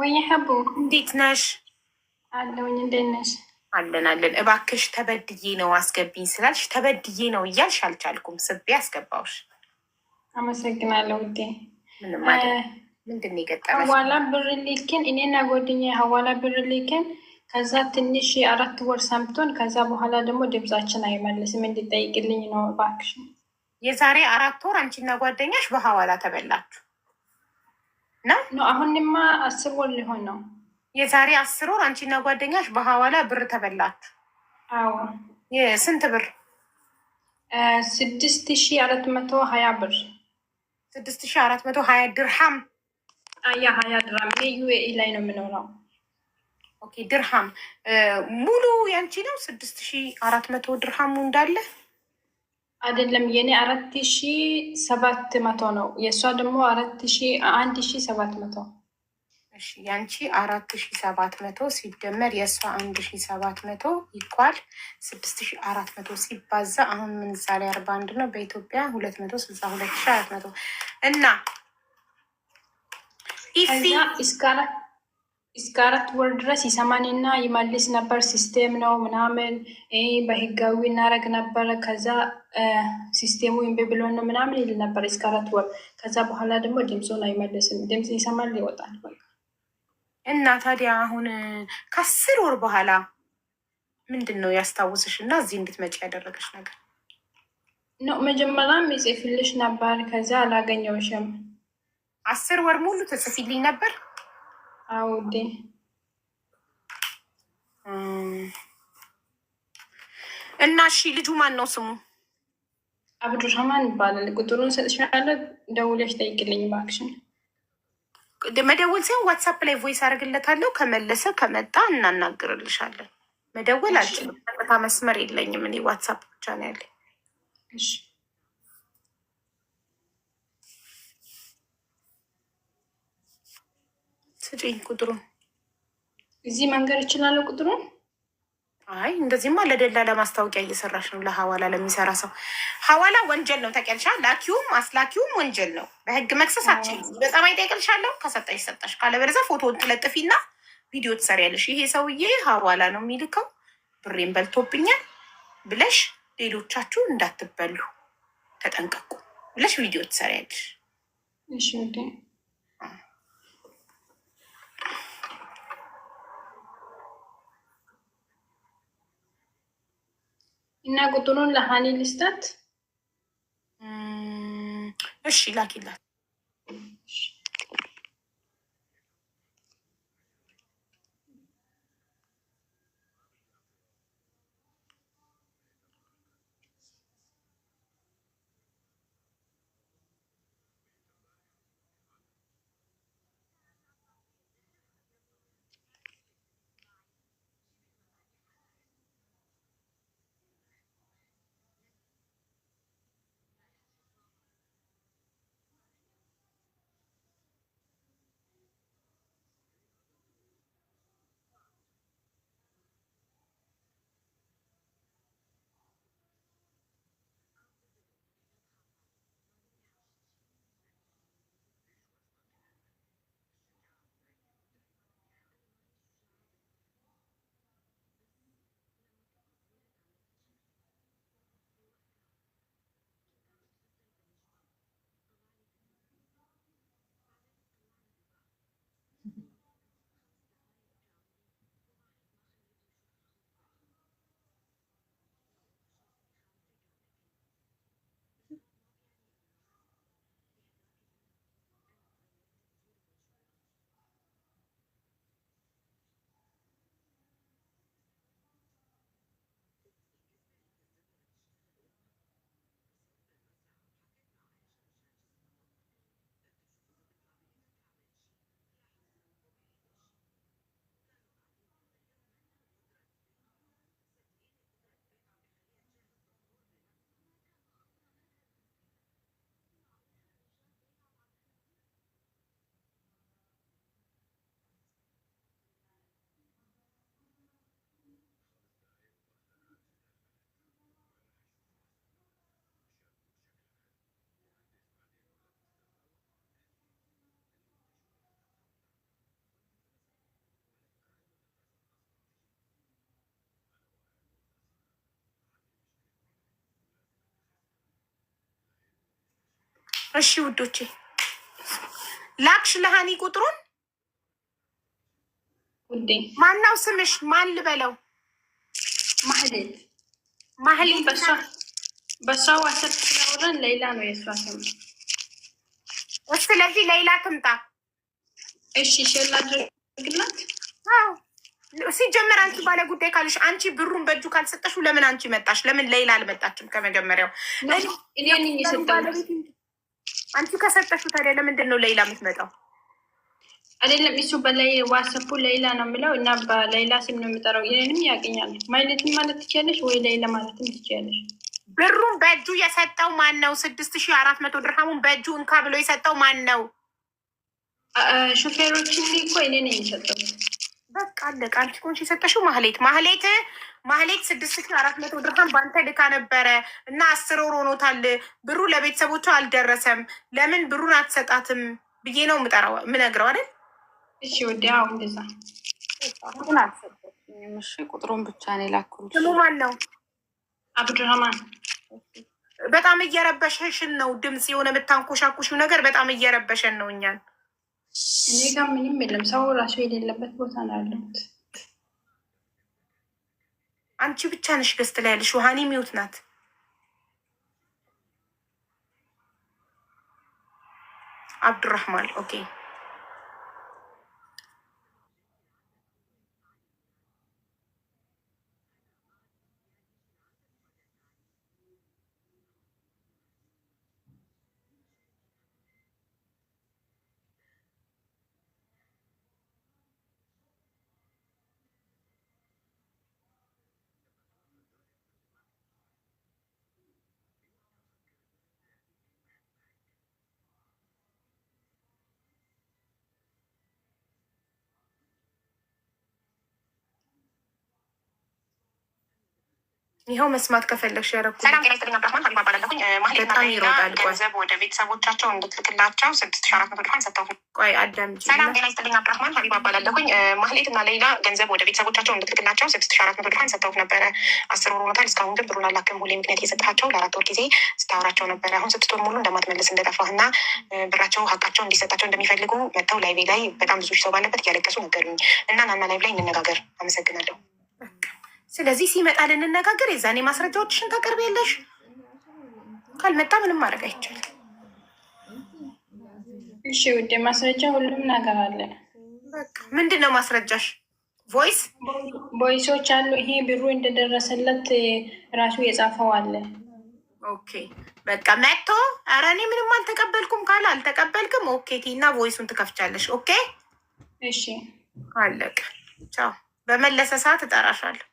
ወይ ሀቡ እንዴት ነሽ? አለውኝ። እንዴት ነሽ? አለን አለን። እባክሽ ተበድዬ ነው አስገቢኝ ስላልሽ ተበድዬ ነው እያልሽ አልቻልኩም፣ ስቤ አስገባውሽ። አመሰግናለሁ ውዴ። ምንድን ነው የገጠመሽ? ሀዋላ ብር ልክን እኔና ጓደኛ ሀዋላ ብር ልክን፣ ከዛ ትንሽ አራት ወር ሰምቶን፣ ከዛ በኋላ ደግሞ ድምጻችን አይመልስም እንድጠይቅልኝ ነው እባክሽ። የዛሬ አራት ወር አንቺና ጓደኛሽ በሀዋላ ተበላችሁ? ነው። አሁንማ አስር ወር ሊሆን ነው። የዛሬ አስር ወር አንቺና ጓደኛሽ በሀዋላ ብር ተበላት። አዎ ስንት ብር? ስድስት ሺ አራት መቶ ሀያ ብር ስድስት ሺ አራት መቶ ሀያ ድርሃም ያ ሀያ ድርሃም ዩኤኢ ላይ ነው የምኖረው። ኦኬ ድርሃም ሙሉ ያንቺ ነው። ስድስት ሺ አራት መቶ ድርሃሙ እንዳለ አይደለም የኔ አራት ሺ ሰባት መቶ ነው። የእሷ ደግሞ አራት ሺ አንድ ሺ ሰባት መቶ እሺ። ያንቺ አራት ሺ ሰባት መቶ ሲደመር የእሷ አንድ ሺ ሰባት መቶ ይኳል ስድስት ሺ አራት መቶ ሲባዛ አሁን ምንዛሬ አርባ አንድ ነው በኢትዮጵያ ሁለት መቶ ስልሳ ሁለት ሺ አራት መቶ እና እስከ አራት እስከ አራት ወር ድረስ ይሰማንና ይመልስ ነበር። ሲስቴም ነው ምናምን በህጋዊ እናረግ ነበረ። ከዛ ሲስቴሙ ወይም ብሎ ነው ምናምን ይል ነበር እስከ አራት ወር። ከዛ በኋላ ደግሞ ድምፁን አይመልስም። ድምፅ ይሰማል ይወጣል። እና ታዲያ አሁን ከአስር ወር በኋላ ምንድን ነው ያስታውስሽ እና እዚህ እንድትመጪ ያደረገች ነገር ነው? መጀመሪያም ይጽፍልሽ ነበር፣ ከዛ አላገኘውሽም። አስር ወር ሙሉ ትጽፊልኝ ነበር አውዴ ah, ah. እና እሺ፣ ልጁ ማን ነው ስሙ? አብዱራህማን ይባላል። ቁጥሩን ሰጥሻለሁ፣ ደውለሽ ጠይቅልኝ በአክሽን መደወል ሲሆን ዋትሳፕ ላይ ቮይስ አደርግለታለሁ። ከመለሰ ከመጣ እናናግርልሻለን። መደወል አልችልም፣ ቀጥታ መስመር የለኝም እኔ ዋትሳፕ ብቻ ነው ያለኝ። ስጪኝ ቁጥሩን። እዚህ መንገድ እችላለሁ ቁጥሩን። አይ እንደዚህማ ለደላ ለማስታወቂያ እየሰራሽ ነው። ለሀዋላ ለሚሰራ ሰው ሀዋላ ወንጀል ነው ተቀልሻ። ላኪውም አስላኪውም ወንጀል ነው። በህግ መክሰስ አችል። በጸባይ ጠይቅልሻለሁ። ከሰጠሽ ሰጠሽ፣ ካለበለዚያ ፎቶውን ትለጥፊና ቪዲዮ ትሰሪያለሽ። ይሄ ሰውዬ ሀዋላ ነው የሚልከው ብሬን በልቶብኛል ብለሽ ሌሎቻችሁ እንዳትበሉ ተጠንቀቁ ብለሽ ቪዲዮ ትሰሪያለሽ። እሺ እና ቁጥሩን ለሀኒ ልስጣት። እሺ ላኪላት። እሺ ውዶቼ ላክሽ ለሀኒ ቁጥሩን ውዴ ማናው ስምሽ ማን ልበለው? ማህሌት ማህሌት። በሷ ዋሰብ ስለሆነን ሌላ ነው የእሷ ስም። ለዚህ ሌላ ትምጣ። እሺ ሸላ ድርግላት። ሲጀመር አንቺ ባለ ጉዳይ ካልሽ አንቺ ብሩን በእጁ ካልሰጠሹ ለምን አንቺ መጣሽ? ለምን ሌላ አልመጣችም? ከመጀመሪያው እኔ ባለቤት አንቺ ከሰጠሽው ታዲያ ለምንድን ነው ሌላ የምትመጣው? አይደለም እሱ በላይ ዋሰፑ ሌላ ነው የምለው እና በሌላ ስም ነው የምጠራው። ይህንም ያገኛል ማይለትም ማለት ትችያለሽ ወይ ሌላ ማለትም ትችያለሽ። ብሩን በእጁ የሰጠው ማን ነው? ስድስት ሺ አራት መቶ ድርሃሙን በእጁ እንካ ብሎ የሰጠው ማን ነው? ሹፌሮችን እኮ እኔ ነኝ የሰጠው በቃ አለቀ። አንቺ ኮንሽ የሰጠሽው ማህሌት ማህሌት ማህሌት ስድስት ሺ አራት መቶ ድርሃም በአንተ ልካ ነበረ እና አስር ወር ሆኖታል። ብሩ ለቤተሰቦቿ አልደረሰም። ለምን ብሩን አትሰጣትም ብዬ ነው ምጠራው ምነግረው አይደል? እሺ ወዲ ሁ እንደዛ ምሽ ቁጥሩን ብቻ ነው የላኩልሽ። ስሙ ማን ነው? አብዱራማን። በጣም እየረበሸሽን ነው ድምፅ የሆነ የምታንኮሻኩሽው ነገር በጣም እየረበሸን ነው እኛን እኔ ጋር ምንም የለም። ሰው ራሱ የሌለበት ቦታ ነው ያለሁት። አንቺ ብቻ ነሽ ገስት ላይ ያለሽ። ውሃኒ ሚውት ናት። አብዱራህማን ኦኬ ይኸው መስማት ከፈለግሽ ያደረኩት ሰላም ጤና ይስጥልኝ። አብራሁን ሀቢባ ገንዘብ ወደ ቤተሰቦቻቸው እንድትልክላቸው ስድስት ሺህ አራት መቶ ቆይ ሰላም ጤና ገንዘብ ወደ ቤተሰቦቻቸው እንድትልክላቸው ስድስት ሺህ አራት መቶ ድርሃም ሰጥተውኝ ነበረ። አስር ወር ሆኖታል። እስካሁን ግን ብሩን አላክም። ሁሌ ምክንያት እየሰጥሃቸው ለአራት ወር ጊዜ ስታወራቸው ነበረ። አሁን ስድስት ወር ሙሉ እንደማትመልስ እንደጠፋህ እና ብራቸው ሀቃቸው እንዲሰጣቸው እንደሚፈልጉ መጥተው ላይቤ ላይ በጣም ብዙ ሰው ባለበት እያለቀሱ ነገሩኝ እና ናና ላይቭ ላይ እንነጋገር። አመሰግናለሁ። ስለዚህ ሲመጣ ልንነጋገር፣ የዛኔ ማስረጃዎችሽን የለሽ ካልመጣ ምንም ማድረግ አይቻልም። እሺ ውዴ፣ ማስረጃ ሁሉም ነገር አለ። ምንድን ነው ማስረጃሽ? ቮይስ ቮይሶች አሉ። ይሄ ብሩ እንደደረሰለት ራሱ የጻፈው አለ። ኦኬ በቃ መጥቶ ኧረ እኔ ምንም አልተቀበልኩም ካለ አልተቀበልክም። ኦኬ ቲና ቮይሱን ትከፍቻለሽ። ኦኬ እሺ፣ አለቀ። ቻው። በመለሰ ሰዓት እጠራሻለሁ።